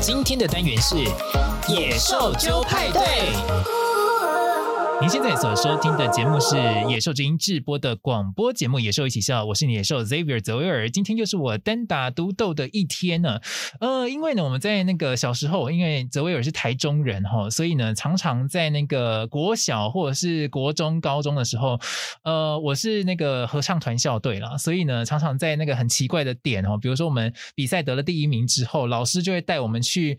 今天的單元是野獸揪派對。您現在所收聽的節目是《野獸之音》製播的廣播節目《野獸一起笑》，我是野獸 Xavier 澤威爾。今天又是我單打獨鬥的一天呢。呃，因為呢，我們在那個小時候，因為澤威爾是台中人哈，所以呢，常常在那個國小或者是國中、高中的時候，呃，我是那個合唱團校隊了，所以呢，常常在那個很奇怪的點哦，比如說我們比賽得了第一名之後，老師就會帶我們去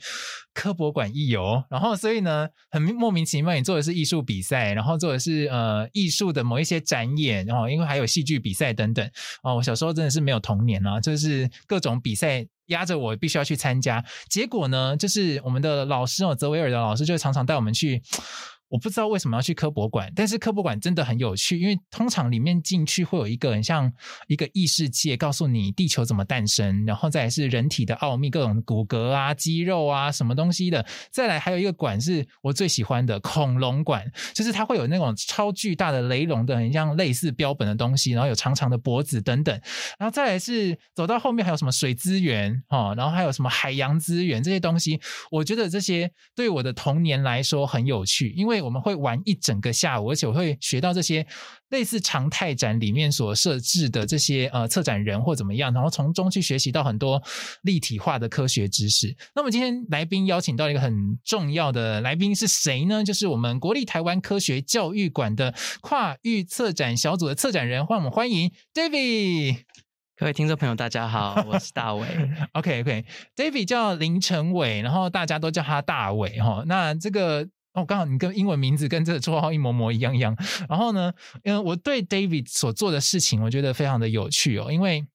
科博館一遊，然後所以呢，很莫名其妙，你做的是藝術比賽。然後做的是呃藝術的某一些展演，然後，哦，因為還有戲劇比賽等等啊、哦，我小時候真的是沒有童年啊，就是各種比賽壓着我必須要去參加，結果呢，就是我們的老師哦，澤維爾的老師就常常帶我們去。我不知道為什麼要去科博館，但是科博館真的很有趣，因為通常裡面進去會有一個很像一個異世界，告訴你地球怎麼誕生，然後再來是人體的奧秘，各種骨骼啊、肌肉啊、什麼東西的，再來還有一個館是我最喜歡的恐龍館，就是它會有那種超巨大的雷龍的，很像類似標本的東西，然後有長長的脖子等等，然後再來是走到後面還有什麼水資源哦，然後還有什麼海洋資源這些東西，我覺得這些對我的童年來說很有趣，因為。我們會玩一整個下午，而且我會學到這些類似常態展裡面所設置的這些呃策展人或怎麼樣，然後從中去學習到很多立體化的科學知識。那麼今天來賓邀請到一個很重要的來賓是誰呢？就是我們國立台灣科學教育館的跨域策展小組的策展人，歡迎我們歡迎 Davey。各位聽眾朋友，大家好， 我是大緯。 OK OK，Davey、okay, 叫林承緯，然後大家都叫他大緯哈、哦。那這個。哦，剛好你跟英文名字跟這個綽號一模模一樣一樣。然後呢，嗯，我對 Davey 所做的事情，我覺得非常的有趣哦。因為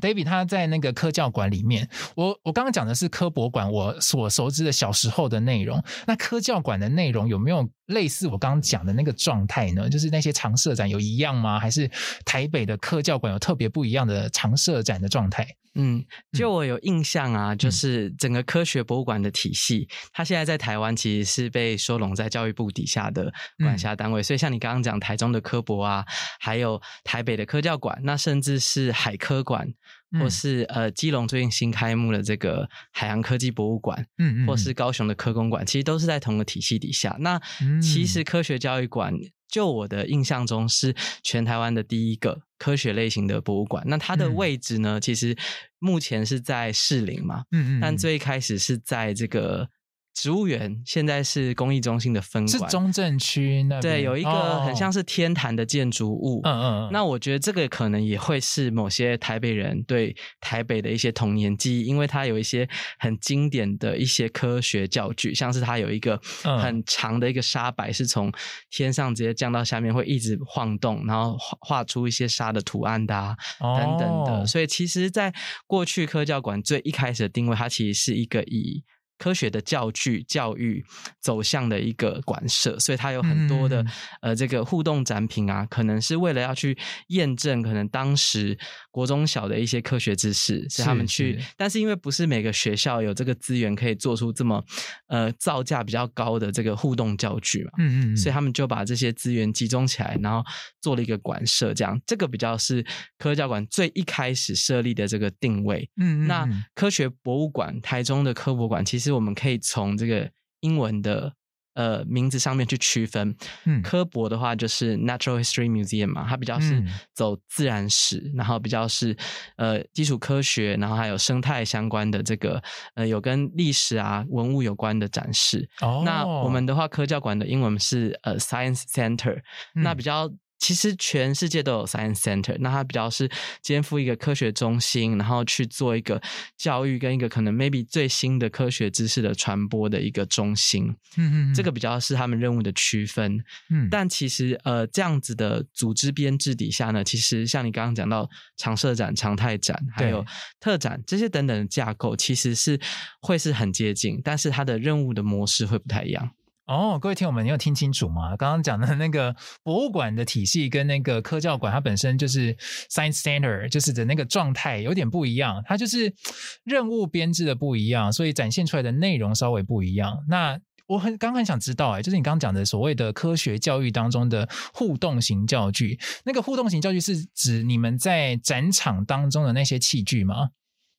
Davey 他在那個科教館裡面，我我剛剛講的是科博館，我所熟知的小時候的內容。那科教館的內容有沒有？類似我剛剛講的那個狀態呢，就是那些常設展有一樣嗎？還是台北的科教館有特別不一樣的常設展的狀態？嗯，就我有印象啊，嗯、就是整個科學博物館的體系，它現在在台灣其實是被收攏在教育部底下的管轄單位、嗯，所以像你剛剛講台中的科博啊，還有台北的科教館，那甚至是海科館。或是呃，基隆最近新開幕的這個海洋科技博物館，嗯，嗯，或是高雄的科工館，其實都是在同一個體系底下。那其實科學教育館，就我的印象中是全台灣的第一個科學類型的博物館。那它的位置呢，嗯，其實目前是在士林嘛，嗯嗯，嗯，但最一開始是在這個植物園現在是工藝中心的分館，是中正區。那對，有一個很像是天壇的建築物，哦。嗯嗯，那我覺得這個可能也會是某些台北人對台北的一些童年記憶，因為它有一些很經典的一些科學教具，像是它有一個很長的一個沙擺，嗯、是從天上直接降到下面，會一直晃動，然後畫出一些沙的圖案的，啊哦、等等的。所以其實，在過去科教館最一開始的定位，它其實是一個以科學的教具教育走向的一個館舍，所以它有很多的嗯嗯呃這個互動展品啊，可能是為了要去驗證可能當時國中小的一些科學知識，是他們去是是，但是因為不是每個學校有這個資源可以做出這麼呃造價比較高的這個互動教具嘛，嗯嗯，嗯，所以他們就把這些資源集中起來，然後做了一個館舍，這樣這個比較是科教館最一開始設立的這個定位，嗯，嗯，那科學博物館台中的科博館其實。其實我們可以從這個英文的呃名字上面去區分。嗯，科博的話就是 Natural History Museum 嘛，它比較是走自然史，嗯，然後比較是呃基礎科學，然後還有生態相關的這個呃有跟歷史啊、文物有關的展示。哦，那我們的話，科教館的英文是呃 Science Center，嗯，那比較。其實全世界都有 Science Center，那它比較是肩負一個科學中心，然後去做一個教育跟一個可能 maybe 最新的科學知識的傳播的一個中心。嗯哼嗯，這個比較是他們任務的區分。嗯，但其實呃這樣子的組織編制底下呢，其實像你剛剛講到常設展、常態展，還有特展這些等等的架構，其實是會是很接近，但是它的任務的模式會不太一樣。哦，各位聽友們，你有聽清楚嗎？剛剛講的那個博物館的體系跟那個科教館，它本身就是 Science Center，就是的那個狀態有點不一樣。它就是任務編制的不一樣，所以展現出來的內容稍微不一樣。那我很剛很想知道，哎，就是你剛剛講的所謂的科學教育當中的互動型教具，那個互動型教具是指你們在展場當中的那些器具嗎？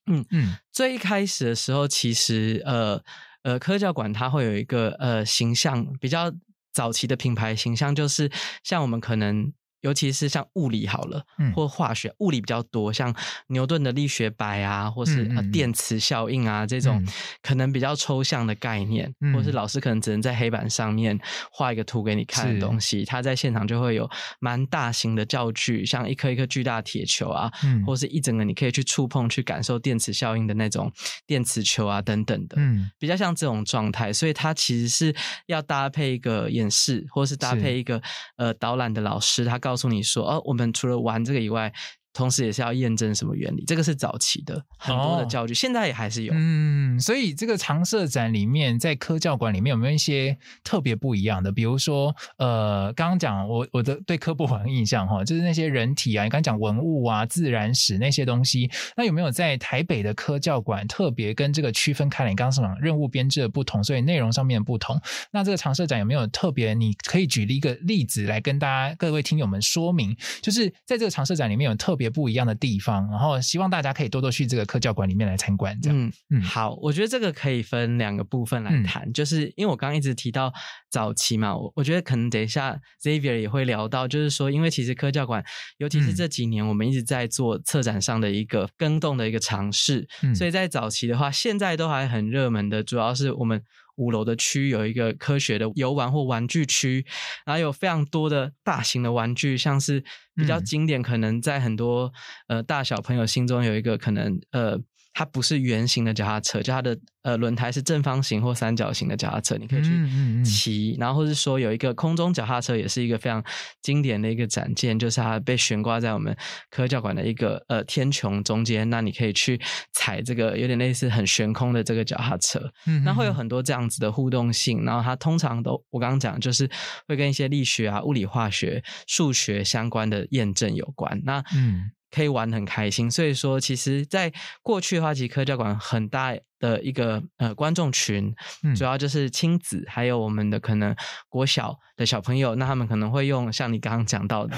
嗯嗯，最開始的時候，其實呃。呃，科教館它會有一個呃形象，比較早期的品牌形象就是像我們可能。尤其是像物理好了、嗯，或化學，物理比較多，像牛頓的力學擺啊，或是、嗯呃、電磁效應啊，這種可能比較抽象的概念，嗯、或是老師可能只能在黑板上面畫一個圖給你看的東西，他在現場就會有蠻大型的教具，像一顆一顆巨大鐵球啊、嗯，或是一整個你可以去觸碰、去感受電磁效應的那種電磁球啊，等等的，嗯、比較像這種狀態，所以他其實是要搭配一個演示，或是搭配一個呃導覽的老師，他告。告訴你說，哦，我們除了玩這個以外，同時，也是要驗證什麼原理？這個是早期的很多的教具、哦，現在也還是有。嗯，所以這個常設展裡面，在科教館裡面有沒有一些特別不一樣的？比如說，呃，剛剛講我我的對科博館印象哈、哦，就是那些人體啊，你剛剛講文物啊、自然史那些東西，那有沒有在台北的科教館特別跟這個區分開來？你剛剛說任務編制的不同，所以內容上面的不同，那這個常設展有沒有特別？你可以舉一個例子來跟大家各位聽友們說明，就是在這個常設展裡面有特別。也不一樣的地方，然後希望大家可以多多去這個科教館裡面來參觀。這樣，嗯，好，我覺得這個可以分兩個部分來談，嗯、就是因為我剛一直提到早期嘛，我我覺得可能等一下 Xavier 也會聊到，就是說，因為其實科教館，尤其是這幾年我們一直在做策展上的一個更動的一個嘗試，嗯、所以在早期的話，現在都還很熱門的，主要是我們。五樓的區有一個科學的遊玩或玩具區，然後有非常多的大型的玩具，像是比較經典，可能在很多、嗯、呃大小朋友心中有一個可能呃。它不是圓形的腳踏車，就它的呃輪胎是正方形或三角形的腳踏車，你可以去騎。嗯嗯嗯。然後或者是說有一個空中腳踏車，也是一個非常經典的一個展件，就是它被懸掛在我們科教館的一個呃天穹中間。那你可以去踩這個有點類似很懸空的這個腳踏車，嗯嗯嗯。那會有很多這樣子的互動性。然後它通常都我剛剛講就是會跟一些力學啊、物理、化學、數學相關的驗證有關。那嗯。可以玩很開心，所以說，其實在過去的話，其實科教館很大的一個呃觀眾群，主要就是親子，還有我們的可能國小的小朋友，那他們可能會用像你剛剛講到的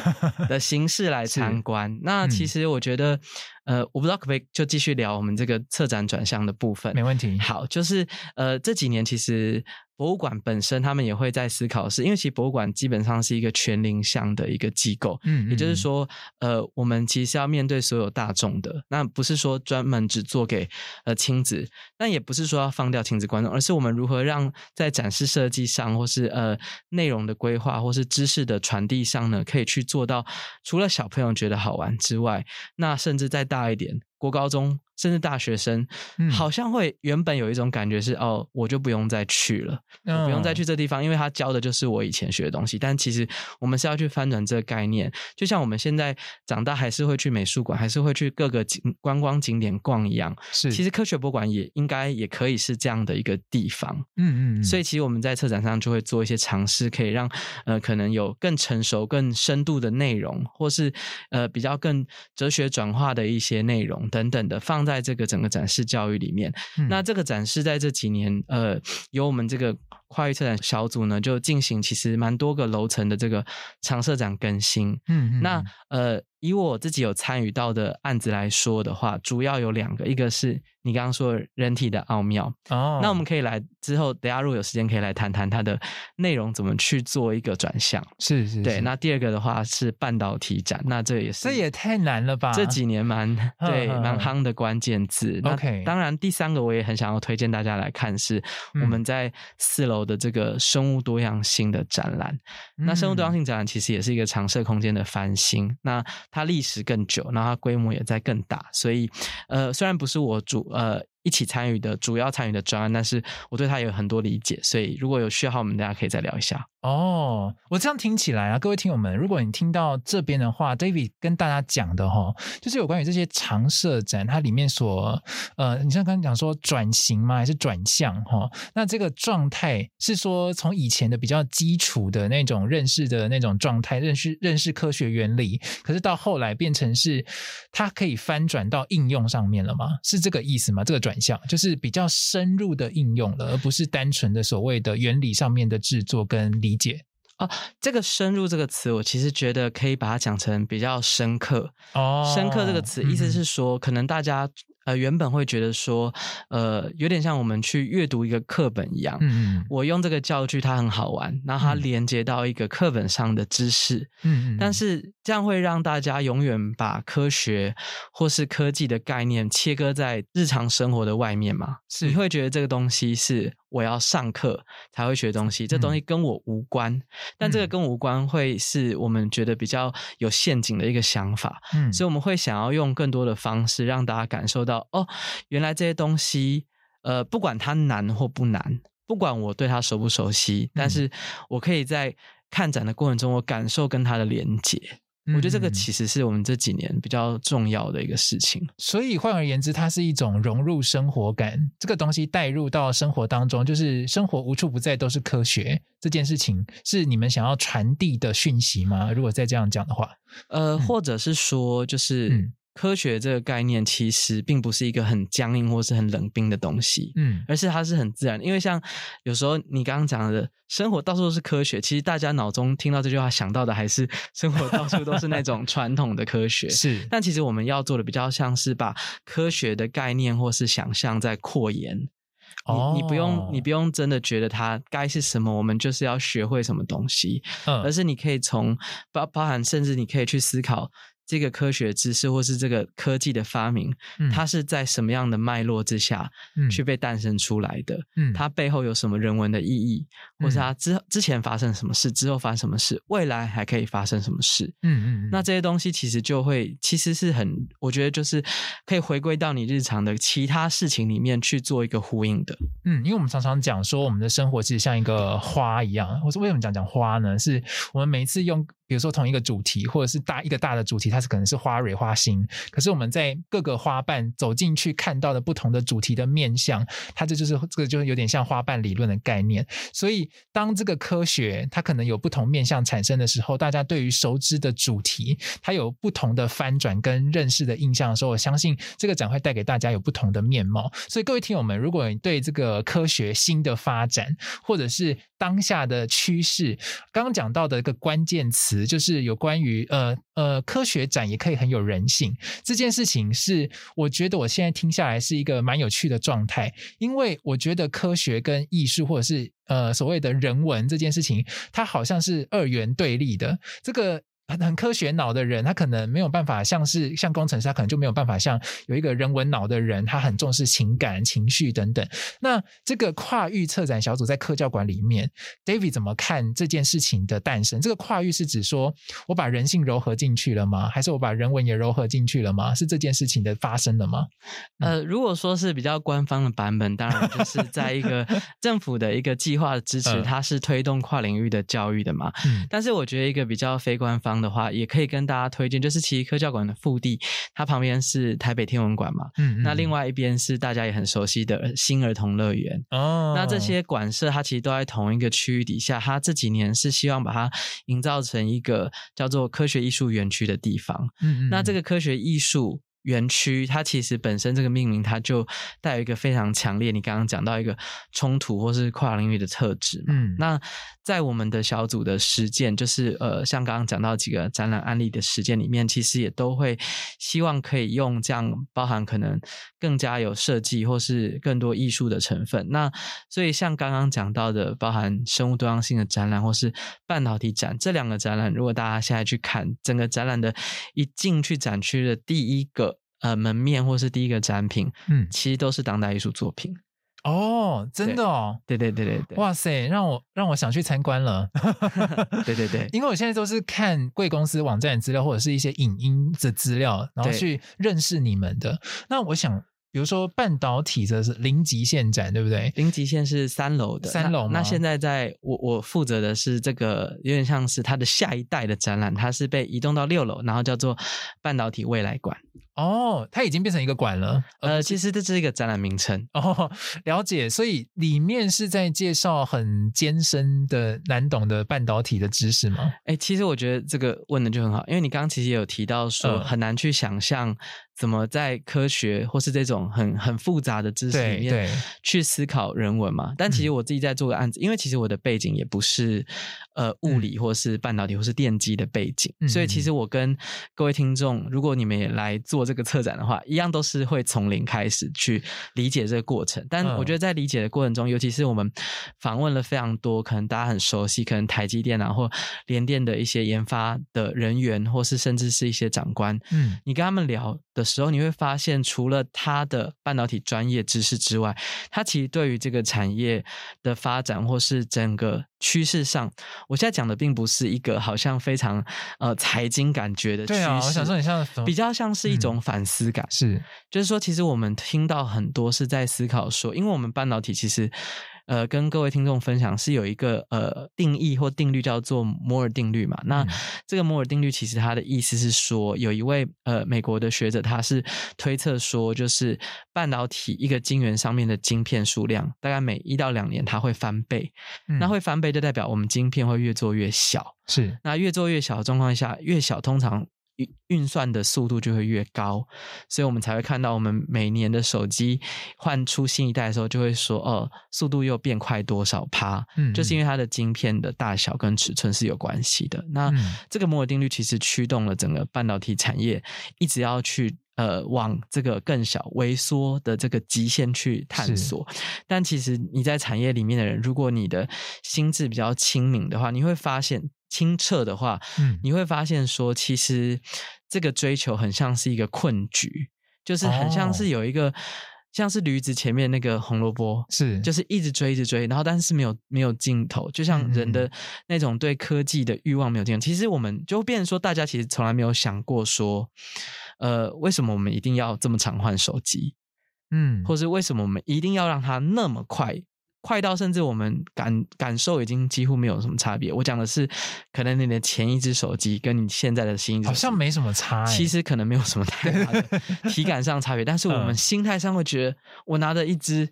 的形式來參觀。 那其實我覺得，嗯、呃，我不知道可不可以就繼續聊我們這個策展轉向的部分。沒問題。好，就是呃，這幾年其實。博物館本身，他們也會在思考是，是因為其實博物館基本上是一個全齡向的一個機構，嗯嗯也就是說，呃，我們其實是要面對所有大眾的，那不是說專門只做給呃親子，那也不是說要放掉親子觀眾，而是我們如何讓在展示設計上，或是呃內容的規劃，或是知識的傳遞上呢，可以去做到，除了小朋友覺得好玩之外，那甚至再大一點，國高中，甚至大學生、嗯、好像會原本有一種感覺是哦，我就不用再去了，哦，不用再去這地方，因為他教的就是我以前學的東西。但其實我們是要去翻轉這個概念，就像我們現在長大還是會去美術館，還是會去各個景觀光景點逛一樣。是，其實科學博物館也應該也可以是這樣的一個地方。嗯嗯，嗯。所以其實我們在策展上就會做一些嘗試，可以讓呃可能有更成熟、更深度的內容，或是呃比較更哲學轉化的一些內容等等的放在這個整個展示教育裡面，嗯，那這個展示在這幾年，呃，由我們這個跨域策展小組呢，就進行其實蠻多個樓層的這個常設展更新。嗯，嗯，那。呃，以我自己有參與到的案子來說的話，主要有兩個，一個是你剛剛說人體的奧妙哦，Oh. 那我們可以來之後，大家如果有時間可以來談談它的內容怎麼去做一個轉向，是,是是對。那第二個的話是半導體展，哦、那這也是這也太難了吧？這幾年蠻對蠻夯的關鍵字。OK，那當然第三個我也很想要推薦大家來看是我們在四樓的這個生物多樣性的展覽、嗯。那生物多樣性展覽其實也是一個常設空間的翻新。那它歷史更久，然後它規模也在更大，所以，呃，雖然不是我主，呃、一起參與的主要參與的專案，但是我對他有很多理解，所以如果有需要我們大家可以再聊一下。哦，我這樣聽起來啊，各位聽友們，如果你聽到這邊的話，David 跟大家講的哦，就是有關於這些常設展，它裡面所呃，你像剛剛講說轉型嗎？還是轉向哦？那這個狀態是說從以前的比較基礎的那種認識的那種狀態，認識認識科學原理，可是到後來變成是它可以翻轉到應用上面了嗎？是這個意思嗎？這個轉。就是比較深入的應用了，而不是單純的所謂的原理上面的制作跟理解啊。這個“深入”這個詞，我其實覺得可以把它講成比較深刻。哦，深刻這個詞，意思是說，可能大家。嗯呃，原本會覺得說，呃，有點像我們去閱讀一個課本一樣。嗯嗯，我用這個教具，它很好玩，然後它連接到一個課本上的知識。嗯嗯，但是這樣會讓大家永遠把科學或是科技的概念切割在日常生活的外面嗎？是，你會覺得這個東西是。我要上課才會學東西，這東西跟我無關、嗯。但這個跟無關會是我們覺得比較有陷阱的一個想法、嗯，所以我們會想要用更多的方式讓大家感受到：哦，原來這些東西，呃，不管它難或不難，不管我對它熟不熟悉，但是我可以在看展的過程中，我感受跟它的連結。我覺得這個其實是我們這幾年比較重要的一個事情。嗯，所以換而言之，它是一種融入生活感，這個東西帶入到生活當中，就是生活無處不在都是科學，這件事情是你們想要傳遞的訊息嗎？如果再這樣講的話，呃，或者是說，就是。嗯嗯科學這個概念其實並不是一個很僵硬或是很冷冰的東西，嗯，而是它是很自然。因為像有時候你剛剛講的，生活到處都是科學，其實大家腦中聽到這句話想到的還是生活到處都是那種傳統的科學。 是，但其實我們要做的比較像是把科學的概念或是想象在擴延。哦你，你不用，你不用真的覺得它該是什麼，我們就是要學會什麼東西。嗯，而是你可以從包包含，甚至你可以去思考。這個科學知識，或是這個科技的發明，嗯，它是在什麼樣的脈絡之下去被誕生出來的？嗯，它背後有什麼人文的意義，嗯，或是它之之前發生什麼事，之後發生什麼事，未來還可以發生什麼事？嗯嗯嗯。那這些東西其實就會，其實是很，我覺得就是可以回歸到你日常的其他事情裡面去做一個呼應的。嗯，因為我們常常講說，我們的生活其實像一個花一樣。我說為什麼講講花呢？是我們每一次用。比如說同一個主題，或者是大一個大的主題，它是可能是花蕊、花心，可是我們在各個花瓣走進去看到的不同的主題的面向，它這就是這個就是有點像花瓣理論的概念。所以當這個科學它可能有不同面向產生的時候，大家對於熟知的主題，它有不同的翻轉跟認識的印象的時候，我相信這個展會帶給大家有不同的面貌。所以各位聽友們，如果你對這個科學新的發展，或者是當下的趨勢，剛剛講到的一個關鍵詞。就是有關於呃呃科學展也可以很有人性這件事情是，是我覺得我現在聽下來是一個蠻有趣的狀態，因為我覺得科學跟藝術或者是呃所謂的人文這件事情，它好像是二元對立的這個。很很科學腦的人，他可能沒有辦法像是像工程師，他可能就沒有辦法像有一個人文腦的人，他很重視情感、情緒等等。那這個跨域策展小組在科教館裡面，David 怎麼看這件事情的誕生？這個跨域是指說我把人性糅合進去了嗎？還是我把人文也糅合進去了嗎？是這件事情的發生了嗎？嗯。呃，如果說是比較官方的版本，當然就是在一個政府的一個計劃支持、 嗯，它是推動跨領域的教育的嘛。嗯。但是我覺得一個比較非官方的。的話，也可以跟大家推薦，就是其實科教館的腹地，它旁邊是台北天文館嘛，嗯，嗯，那另外一邊是大家也很熟悉的新兒童樂園哦，那這些館舍它其實都在同一個區域底下，它這幾年是希望把它營造成一個叫做科學藝術園區的地方，嗯嗯，那這個科學藝術。園區它其實本身這個命名，它就帶有一個非常強烈，你剛剛講到一個衝突或是跨領域的特質嘛。嗯，那在我們的小組的實踐，就是呃，像剛剛講到幾個展覽案例的實踐裡面，其實也都會希望可以用這樣包含可能更加有設計或是更多藝術的成分。那所以像剛剛講到的，包含生物多樣性的展覽或是半導體展這兩個展覽，如果大家現在去看整個展覽的一進去展區的第一個。呃，門面或是第一個展品，嗯，其實都是當代藝術作品哦，真的哦，對對對對，對，對，哇塞，讓我讓我想去參觀了， 對，對對對，因為我現在都是看貴公司網站資料或者是一些影音的資料，然後去認識你們的。那我想，比如說半導體的是零極限展，對不對？零極限是三樓的，三樓那，那現在在我我負責的是這個，有點像是它的下一代的展覽，它是被移動到六樓，然後叫做半導體未來館。哦，它已經變成一個館了。呃，其實這是一個展覽名稱。哦，了解。所以裡面是在介紹很艱深的、難懂的半導體的知識嗎？哎、欸，其實我覺得這個問的就很好，因為你剛剛其實也有提到說很難去想象怎麼在科學或是這種很很複雜的知識裡面去思考人文嘛。但其實我自己在做個案子，嗯、因為其實我的背景也不是呃物理或是半導體或是電機的背景、嗯，所以其實我跟各位聽眾，如果你們也來做。這個策展的話，一樣都是會從零開始去理解這個過程。但我覺得在理解的過程中，嗯、尤其是我們訪問了非常多可能大家很熟悉，可能台積電啊或聯電的一些研發的人員，或是甚至是一些長官。嗯，你跟他們聊的時候，你會發現，除了他的半導體專業知識之外，他其實對於這個產業的發展或是整個趨勢上，我現在講的並不是一個好像非常呃財經感覺的趨。對啊，我想說，你像什麼比較像是一種、嗯。反思感是，就是說，其實我們聽到很多是在思考說，因為我們半導體其實，呃，跟各位聽眾分享是有一個呃定義或定律叫做摩爾定律嘛。那這個摩爾定律其實它的意思是說，有一位呃美國的學者他是推測說，就是半導體一個晶圓上面的晶片數量，大概每一到兩年它會翻倍。那會翻倍就代表我們晶片會越做越小。是，那越做越小的狀況下，越小通常。運運算的速度就會越高，所以我們才會看到，我們每年的手機換出新一代的時候，就會說哦、呃，速度又變快多少趴、嗯，就是因為它的晶片的大小跟尺寸是有關係的。那這個摩爾定律其實驅動了整個半導體產業一直要去呃往這個更小、微縮的這個極限去探索。但其實你在產業裡面的人，如果你的心智比較清明的話，你會發現。清澈的話、嗯，你會發現說，其實這個追求很像是一個困局，就是很像是有一個、哦、像是驢子前面那個紅蘿蔔，是就是一直追，一直追，然後但是沒有沒有盡頭，就像人的那種對科技的慾望沒有盡頭嗯嗯。其實我們就變成說，大家其實從來沒有想過說，呃，為什麼我們一定要這麼常換手機？嗯，或是為什麼我們一定要讓它那麼快？快到甚至我們感感受已經幾乎沒有什麼差別。我講的是，可能你的前一支手機跟你現在的新好像沒什麼差、欸，其實可能沒有什麼太大，大的體感上差別， 但是我們心態上會覺得我拿着一支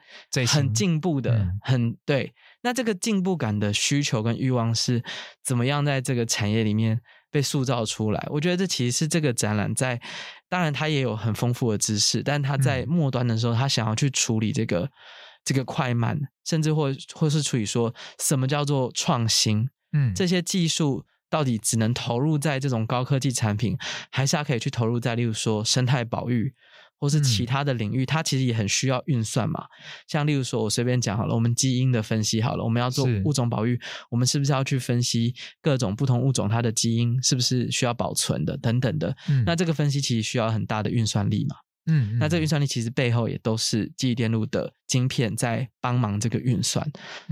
很進步的，對很對。那這個進步感的需求跟欲望是怎麼樣在這個產業裡面被塑造出來？我覺得這其實是這個展覽在，當然它也有很豐富的知識，但它在末端的時候，它、嗯、想要去處理這個。這個快慢，甚至或或是處於說什麼叫做創新？嗯，這些技術到底只能投入在這種高科技產品，還是它可以去投入在例如說生態保育，或是其他的領域，嗯，它其實也很需要運算嘛。像例如說我隨便講好了，我們基因的分析好了，我們要做物種保育，我們是不是要去分析各種不同物種它的基因是不是需要保存的等等的，嗯，那這個分析其實需要很大的運算力嘛。嗯，嗯，那這個運算力其實背後也都是記憶電路的晶片在幫忙這個運算，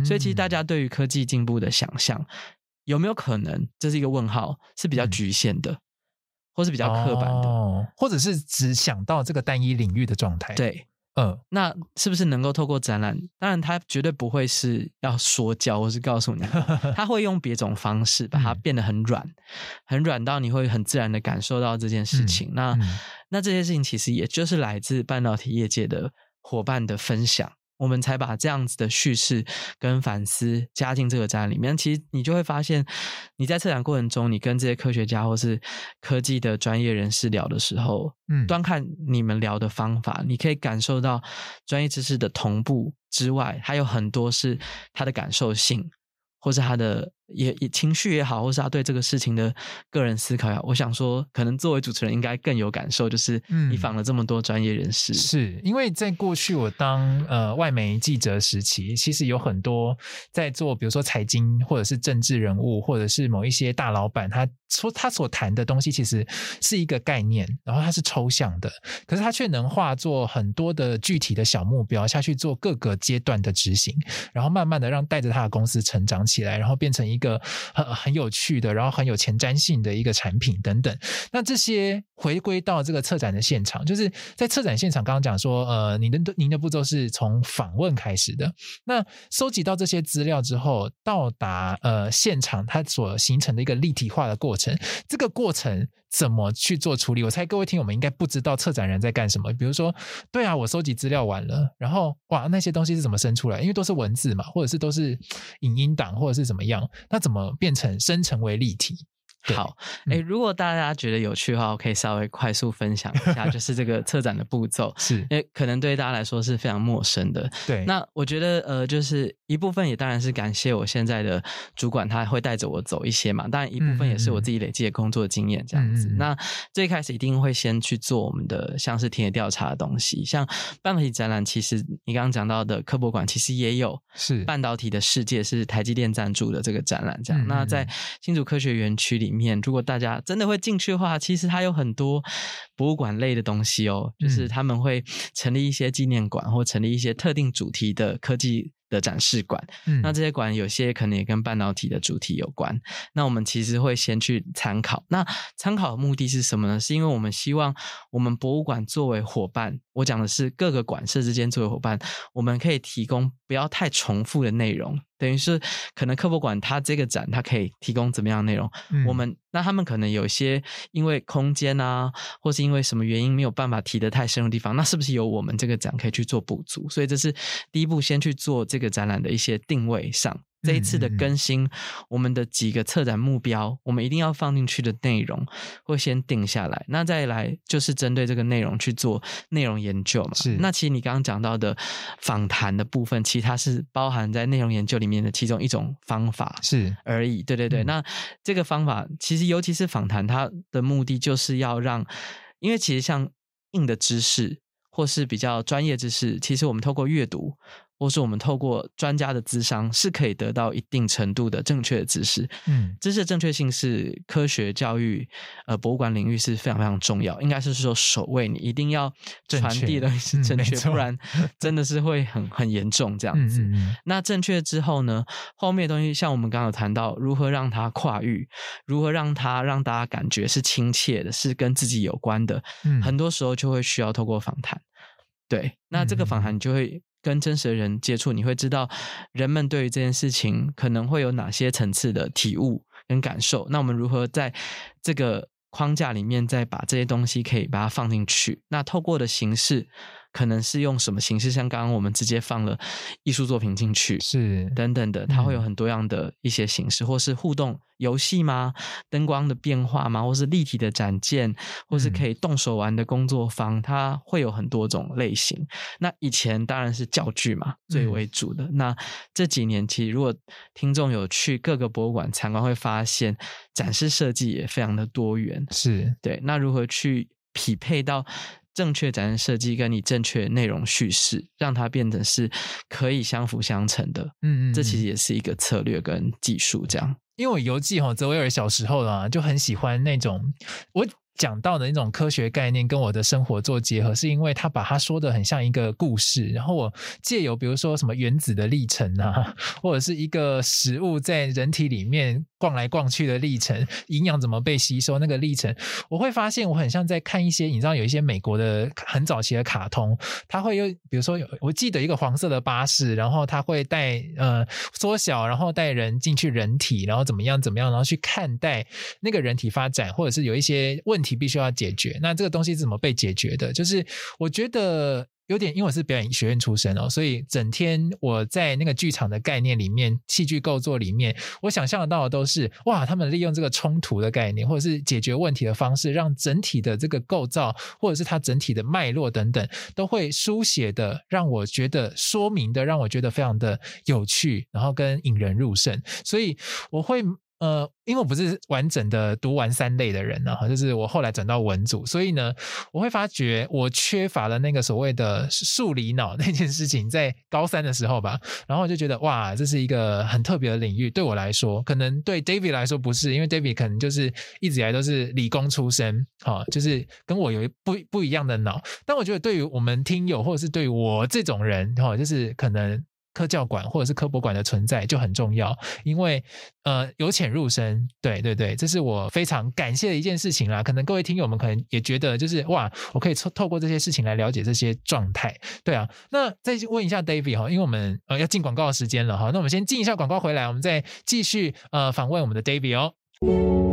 所以其實大家對於科技進步的想象，有沒有可能這是一個問號，是比較侷限的，嗯，或是比較刻板的，哦，或者是只想到這個單一領域的狀態？對。嗯、呃，那是不是能夠透過展覽？當然，他絕對不會是要說教，或是告訴你，哈哈哈，他會用別種方式把它變得很軟，很軟到你會很自然的感受到這件事情。嗯、那、嗯、那這些事情其實也就是來自半導體業界的夥伴的分享。我們才把這樣子的敘事跟反思加進這個展覽裡面。其實你就會發現，你在策展過程中，你跟這些科學家或是科技的專業人士聊的時候，嗯，端看你們聊的方法，你可以感受到專業知識的同步之外，還有很多是他的感受性，或是他的。也也情緒也好，或是他對這個事情的個人思考也好，我想說，可能作為主持人應該更有感受，就是你訪了這麼多專業人士。嗯、是因為在過去我當呃外媒記者時期，其實有很多在做，比如說財經或者是政治人物，或者是某一些大老闆，他說他所談的東西其實是一個概念，然後他是抽象的，可是他卻能化作很多的具體的小目標下去做各個階段的執行，然後慢慢的讓帶着他的公司成長起來，然後變成一個很很有趣的，然後很有前瞻性的一個產品等等。那這些回歸到這個策展的現場，就是在策展現場，剛剛講說，呃，您的您的步驟是從訪問開始的。那收集到這些資料之後，到達呃現場，它所形成的一個立體化的過程，這個過程怎麼去做處理？我猜各位聽友們應該不知道策展人在幹什麼。比如說，對啊，我收集資料完了，然後哇，那些東西是怎麼生出來？因為都是文字嘛，或者是都是影音檔，或者是怎麼樣？那怎麼變成生成為立體？好，哎、嗯，欸，如果大家覺得有趣的話，我可以稍微快速分享一下，就是這個策展的步驟 是，因為可能對大家來說是非常陌生的。對，那我覺得呃，就是一部分也當然是感謝我現在的主管，他會帶着我走一些嘛，當然一部分也是我自己累積的工作的經驗這樣子，嗯嗯。那最開始一定會先去做我們的像是田野調查的東西，像半導體展覽，其實你剛剛講到的科博館其實也有，是半導體的世界，是台積電贊助的這個展覽這樣。那在新竹科學園區裡面，如果大家真的會進去的話，其實它有很多博物館類的東西哦，就是他們會成立一些紀念館，或成立一些特定主題的科技的展示館，嗯。那這些館有些可能也跟半導體的主題有關。那我們其實會先去參考。那參考的目的是什麼呢？是因為我們希望我們博物館作為夥伴，我講的是各個館舍之間作為夥伴，我們可以提供不要太重複的內容。等於是，可能科博館，他這個展，它可以提供怎麼樣內容，嗯？我們那他們可能有一些因為空間啊，或是因為什麼原因沒有辦法提的太深入的地方，那是不是由我們這個展可以去做補足？所以這是第一步，先去做這個展覽的一些定位上。這一次的更新嗯嗯嗯，我們的幾個策展目標，我們一定要放進去的內容會先定下來，那再來就是針對這個內容去做內容研究嘛。是，那其實你剛剛講到的訪談的部分，其實它是包含在內容研究裡面的其中一種方法是而已。對對對、嗯，那這個方法其實尤其是訪談，它的目的就是要讓，因為其實像硬的知識或是比較專業知識，其實我們透過閱讀。或是我們透過專家的諮商，是可以得到一定程度的正確的知識，嗯，知識的正確性是科學教育，呃博物館領域是非常非常重要，應該是說首位，你一定要傳遞的是正確、嗯，不然真的是會很很嚴重這樣子。嗯嗯、那正確之後呢，後面的東西像我們剛剛有談到，如何讓它跨域，如何讓它讓大家感覺是親切的，是跟自己有關的，嗯、很多時候就會需要透過訪談，對，那這個訪談就會。跟真實的人接觸，你會知道人們對於這件事情可能會有哪些層次的體悟跟感受。那我們如何在這個框架裡面，再把這些東西可以把它放進去？那透過的形式。可能是用什麼形式？像剛剛我們直接放了藝術作品進去，是等等的、嗯，它會有很多樣的一些形式，或是互動遊戲嗎？燈光的變化嗎？或是立體的展件，或是可以動手玩的工作坊、嗯？它會有很多種類型。那以前當然是教具嘛，嗯、最為主的。那這幾年其實，如果聽眾有去各個博物館參觀，會發現展示設計也非常的多元。是，對。那如何去匹配到？正確展示設計跟你正確內容敘事，讓它變成是可以相輔相成的。嗯嗯，這其實也是一個策略跟技術，這樣。因為我猶記哈 Xavier 小時候啊，就很喜歡那種我。講到的那種科學概念跟我的生活做結合，是因為他把它說的很像一個故事，然後我借由比如說什麼原子的歷程啊，或者是一個食物在人體裡面逛來逛去的歷程，營養怎麼被吸收那個歷程，我會發現我很像在看一些你知道有一些美國的很早期的卡通，他會有，比如說有我記得一個黃色的巴士，然後他會帶呃縮小，然後帶人進去人體，然後怎麼樣怎麼樣，然後去看待那個人體發展，或者是有一些問題必須要解決。那這個東西怎麼被解決的？就是我覺得有點，因為我是表演學院出身哦，所以整天我在那個劇場的概念裡面、戲劇構作裡面，我想象得到的都是哇，他們利用這個衝突的概念，或者是解決問題的方式，讓整體的這個構造，或者是它整體的脈絡等等，都會書寫的，讓我覺得說明的，讓我覺得非常的有趣，然後跟引人入勝，所以我會。呃，因為我不是完整的讀完三類的人呢，哈，就是我後來轉到文組，所以呢，我會發覺我缺乏了那個所謂的數理腦那件事情，在高三的時候吧，然後我就覺得哇，這是一個很特別的領域，對我來說，可能對 Davey 來說不是，因為 Davey 可能就是一直以來都是理工出身，哈、哦，就是跟我有一不不一樣的腦，但我覺得對於我們聽友或者是對於我這種人，哈、哦，就是可能。科教館或者是科博館的存在就很重要，因為呃由淺入深，對對對，這是我非常感謝的一件事情啦。可能各位聽友們可能也覺得，就是哇，我可以透透過這些事情來了解這些狀態，對啊。那再問一下 Davey 哈，因為我們呃要進廣告的時間了哈，那我們先進一下廣告回來，我們再繼續呃訪問我們的 Davey 哦。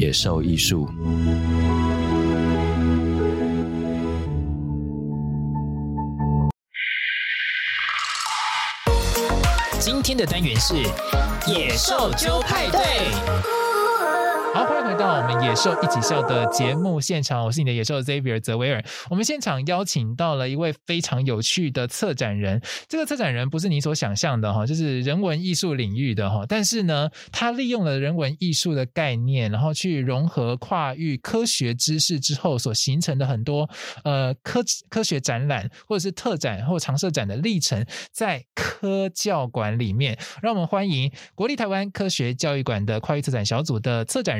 野獸藝術。今天的單元是《野獸揪派對》。好，歡迎回到我們《野獸一起笑》的節目現場，我是你的野獸 Xavier 澤維爾。我們現場邀請到了一位非常有趣的策展人，這個策展人不是你所想象的哈，就是人文藝術領域的哈，但是呢，他利用了人文藝術的概念，然後去融合跨域科學知識之後所形成的很多呃科科學展覽或者是特展或常設展的歷程，在科教館裡面，讓我們歡迎國立台灣科學教育館的跨域策展小組的策展人，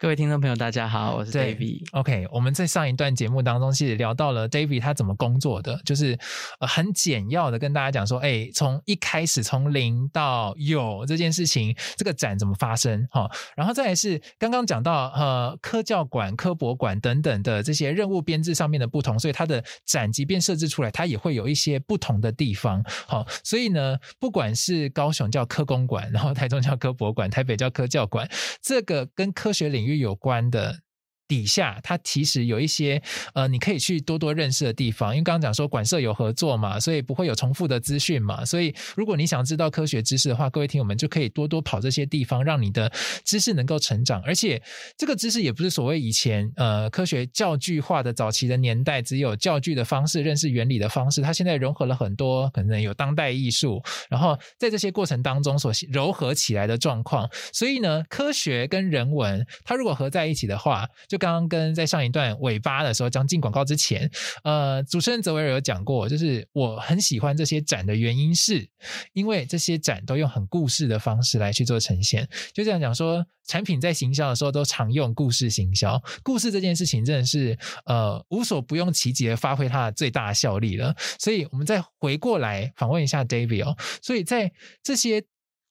各位聽眾朋友，大家好，我是 Davey。OK，我們在上一段節目當中其實聊到了 Davey 他怎麼工作的，就是呃很簡要的跟大家講說，哎，從一開始從零到有這件事情，這個展怎麼發生哈、哦？然後再來是剛剛講到呃科教館、科博館等等的這些任務編制上面的不同，所以它的展即便設置出來，它也會有一些不同的地方。好、哦，所以呢，不管是高雄叫科工館，然後台中叫科博館，台北叫科教館，這個跟科學領域。越有關的。底下它其實有一些呃，你可以去多多認識的地方，因為剛剛講說館舍有合作嘛，所以不會有重複的資訊嘛。所以如果你想知道科學知識的話，各位聽友們就可以多多跑這些地方，讓你的知識能夠成長。而且這個知識也不是所謂以前呃科學教具化的早期的年代，只有教具的方式認識原理的方式。它現在融合了很多，可能有當代藝術，然後在這些過程當中所揉合起來的狀況。所以呢，科學跟人文它如果合在一起的話，就剛剛跟在上一段尾巴的時候，將進廣告之前，呃，主持人澤維爾有講過，就是我很喜歡這些展的原因，是因為這些展都用很故事的方式來去做呈現。就這樣講說，產品在行銷的時候都常用故事行銷，故事這件事情真的是呃無所不用其極的發揮它的最大的效力了。所以，我們再回過來訪問一下 Davey 哦，所以在這些。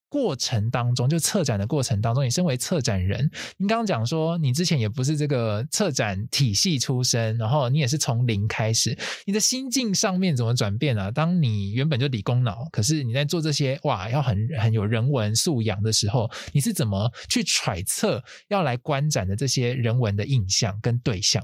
過程當中，就策展的過程當中，你身為策展人，你剛剛講說，你之前也不是這個策展體系出身，然後你也是從零開始，你的心境上面怎麼轉變啊？當你原本就理工腦，可是你在做這些哇，要很很有人文素養的時候，你是怎麼去揣測要來觀展的這些人文的印象跟對象？